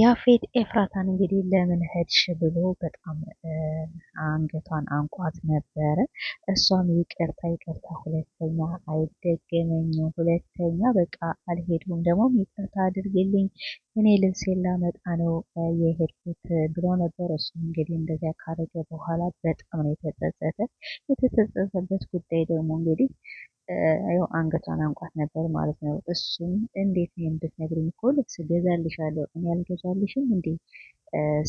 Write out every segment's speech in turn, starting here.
ያፌት ኤፍራታን እንግዲህ ለምን ሄድሽ ብሎ በጣም አንገቷን አንቋት ነበረ። እሷም ይቅርታ ይቅርታ፣ ሁለተኛ አይደገመኝም፣ ሁለተኛ በቃ አልሄድሁም፣ ደግሞም ይቅርታ አድርግልኝ፣ እኔ ልብስ ላመጣ ነው የሄድኩት ብሎ ነበር። እሱም እንግዲህ እንደዚያ ካረገ በኋላ በጣም ነው የተጸጸተ። የተጸጸተበት ጉዳይ ደግሞ እንግዲህ ያው አንገቷን አንቋት ነበር ማለት ነው። እሱም እንዴት ነው የምትነግሪኝ እኮ ልብስ ገዛልሻለሁ እኔ አልገዛልሽም እንዴ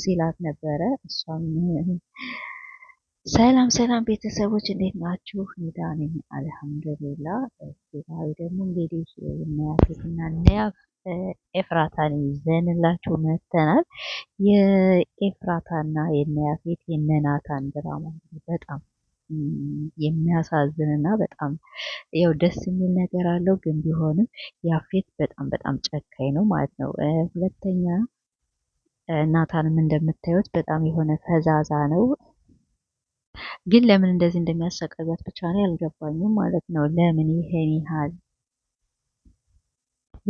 ሲላት ነበረ። እሷም ሰላም ሰላም ቤተሰቦች እንዴት ናችሁ? ነኝ አልሐምዱሊላ። ዛሬ ደግሞ እንግዲህ እናያሴትና እናያፍ ኤፍራታን ይዘንላችሁ መጥተናል። የኤፍራታና የናያፌት የነናታን ድራማ በጣም የሚያሳዝን እና በጣም ያው ደስ የሚል ነገር አለው። ግን ቢሆንም ያፌት በጣም በጣም ጨካኝ ነው ማለት ነው። ሁለተኛ ናታንም እንደምታዩት በጣም የሆነ ፈዛዛ ነው። ግን ለምን እንደዚህ እንደሚያሰቃያት ብቻ ነው ያልገባኝም ማለት ነው። ለምን ይሄን ያህል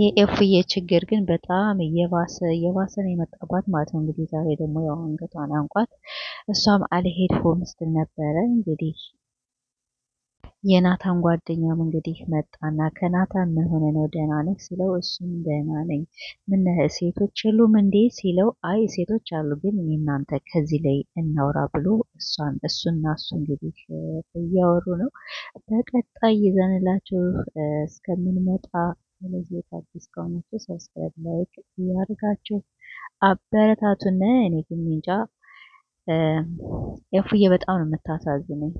የኤፉዬ ችግር ግን በጣም እየባሰ እየባሰ ነው የመጣባት ማለት ነው። እንግዲህ ዛሬ ደግሞ ያው አንገቷን አንቋት እሷም አልሄድ ሆም ስትል ነበረ። እንግዲህ የናታን ጓደኛም እንግዲህ መጣና ከናታን ምን ሆነ ነው ደህና ነህ ሲለው እሱም ደህና ነኝ፣ ምን ሴቶች የሉም እንዴ ሲለው አይ ሴቶች አሉ ግን እናንተ ከዚህ ላይ እናውራ ብሎ እሷን እሱና እሱ እንግዲህ እያወሩ ነው። በቀጣይ ይዘንላችሁ እስከምንመጣ ለየት አዲስ ከሆናችሁ ሰብስክራይብ፣ ላይክ እያደረጋችሁ አበረታቱን። እኔ ግን እንጃ ኤፉዬ በጣም ነው የምታሳዝነኝ።